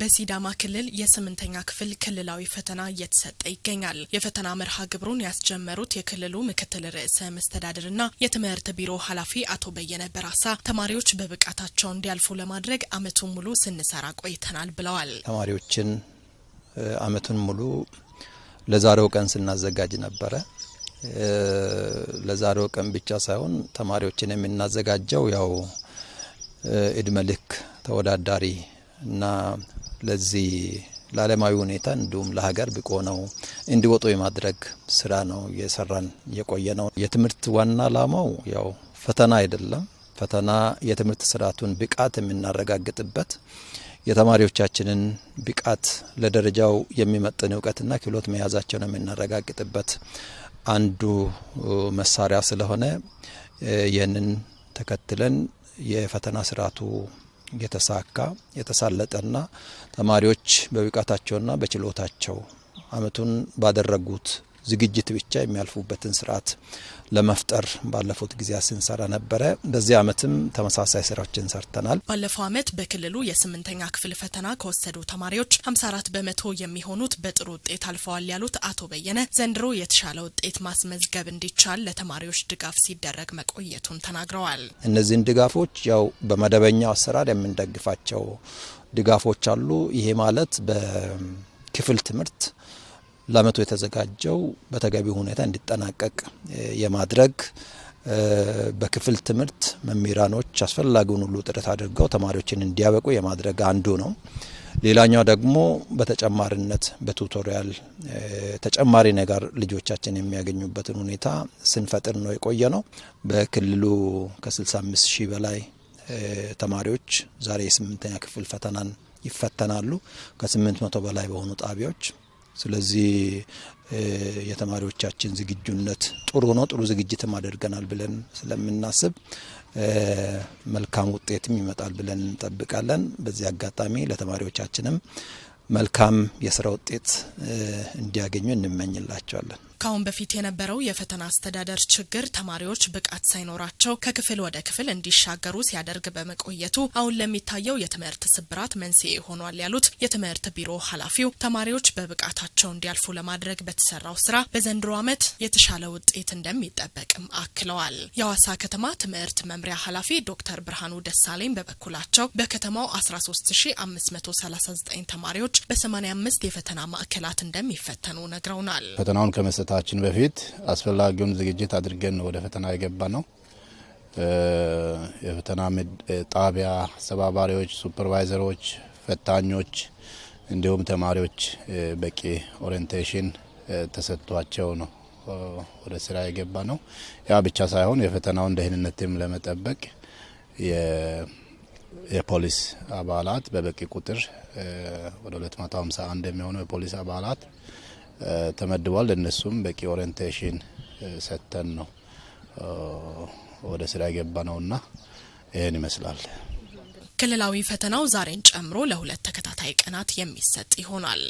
በሲዳማ ክልል የስምንተኛ ክፍል ክልላዊ ፈተና እየተሰጠ ይገኛል። የፈተና መርሃ ግብሩን ያስጀመሩት የክልሉ ምክትል ርዕሰ መስተዳድርና የትምህርት ቢሮ ኃላፊ አቶ በየነ በራሳ ተማሪዎች በብቃታቸው እንዲያልፉ ለማድረግ ዓመቱን ሙሉ ስንሰራ ቆይተናል ብለዋል። ተማሪዎችን አመቱን ሙሉ ለዛሬው ቀን ስናዘጋጅ ነበረ። ለዛሬው ቀን ብቻ ሳይሆን ተማሪዎችን የምናዘጋጀው ያው እድመ ልክ ተወዳዳሪ እና ለዚህ ለዓለማዊ ሁኔታ እንዲሁም ለሀገር ብቆ ነው እንዲወጡ የማድረግ ስራ ነው እየሰራን የቆየ ነው። የትምህርት ዋና አላማው ያው ፈተና አይደለም። ፈተና የትምህርት ስርዓቱን ብቃት የምናረጋግጥበት የተማሪዎቻችንን ብቃት ለደረጃው የሚመጥን እውቀትና ክህሎት መያዛቸውን የምናረጋግጥበት አንዱ መሳሪያ ስለሆነ ይህንን ተከትለን የፈተና ስርዓቱ የተሳካ የተሳለጠና ተማሪዎች በብቃታቸውና በችሎታቸው አመቱን ባደረጉት ዝግጅት ብቻ የሚያልፉበትን ስርዓት ለመፍጠር ባለፉት ጊዜያት ስንሰራ ነበረ። በዚህ ዓመትም ተመሳሳይ ስራዎችን ሰርተናል። ባለፈው ዓመት በክልሉ የስምንተኛ ክፍል ፈተና ከወሰዱ ተማሪዎች 54 በመቶ የሚሆኑት በጥሩ ውጤት አልፈዋል ያሉት አቶ በየነ ዘንድሮ የተሻለ ውጤት ማስመዝገብ እንዲቻል ለተማሪዎች ድጋፍ ሲደረግ መቆየቱን ተናግረዋል። እነዚህን ድጋፎች ያው በመደበኛው አሰራር የምንደግፋቸው ድጋፎች አሉ። ይሄ ማለት በክፍል ትምህርት ለአመቱ የተዘጋጀው በተገቢ ሁኔታ እንዲጠናቀቅ የማድረግ በክፍል ትምህርት መምህራኖች አስፈላጊውን ሁሉ ጥረት አድርገው ተማሪዎችን እንዲያበቁ የማድረግ አንዱ ነው። ሌላኛው ደግሞ በተጨማሪነት በቱቶሪያል ተጨማሪ ነገር ልጆቻችን የሚያገኙበትን ሁኔታ ስንፈጥር ነው የቆየ ነው። በክልሉ ከ65 ሺህ በላይ ተማሪዎች ዛሬ የስምንተኛ ክፍል ፈተናን ይፈተናሉ ከ800 በላይ በሆኑ ጣቢያዎች ስለዚህ የተማሪዎቻችን ዝግጁነት ጥሩ ነው። ጥሩ ዝግጅትም አድርገናል ብለን ስለምናስብ መልካም ውጤትም ይመጣል ብለን እንጠብቃለን። በዚህ አጋጣሚ ለተማሪዎቻችንም መልካም የስራ ውጤት እንዲያገኙ እንመኝላቸዋለን። ከአሁን በፊት የነበረው የፈተና አስተዳደር ችግር ተማሪዎች ብቃት ሳይኖራቸው ከክፍል ወደ ክፍል እንዲሻገሩ ሲያደርግ በመቆየቱ አሁን ለሚታየው የትምህርት ስብራት መንስኤ ሆኗል ያሉት የትምህርት ቢሮ ኃላፊው ተማሪዎች በብቃታቸው እንዲያልፉ ለማድረግ በተሰራው ስራ በዘንድሮ ዓመት የተሻለ ውጤት እንደሚጠበቅም አክለዋል። የሐዋሳ ከተማ ትምህርት መምሪያ ኃላፊ ዶክተር ብርሃኑ ደሳለኝ በበኩላቸው በከተማው 13539 ተማሪዎች በ85 የፈተና ማዕከላት እንደሚፈተኑ ነግረውናል። ፈተናውን ከመሰጠ ከመግባታችን በፊት አስፈላጊውን ዝግጅት አድርገን ነው ወደ ፈተና የገባ ነው። የፈተና ጣቢያ አስተባባሪዎች፣ ሱፐርቫይዘሮች፣ ፈታኞች እንዲሁም ተማሪዎች በቂ ኦሪንቴሽን ተሰጥቷቸው ነው ወደ ስራ የገባ ነው። ያ ብቻ ሳይሆን የፈተናውን ደህንነትም ለመጠበቅ የፖሊስ አባላት በበቂ ቁጥር ወደ 251 የሚሆኑ የፖሊስ አባላት ተመድቧል። እነሱም በቂ ኦሪንቴሽን ሰጥተን ነው ወደ ስራ የገባ ነውና ይህን ይመስላል። ክልላዊ ፈተናው ዛሬን ጨምሮ ለሁለት ተከታታይ ቀናት የሚሰጥ ይሆናል።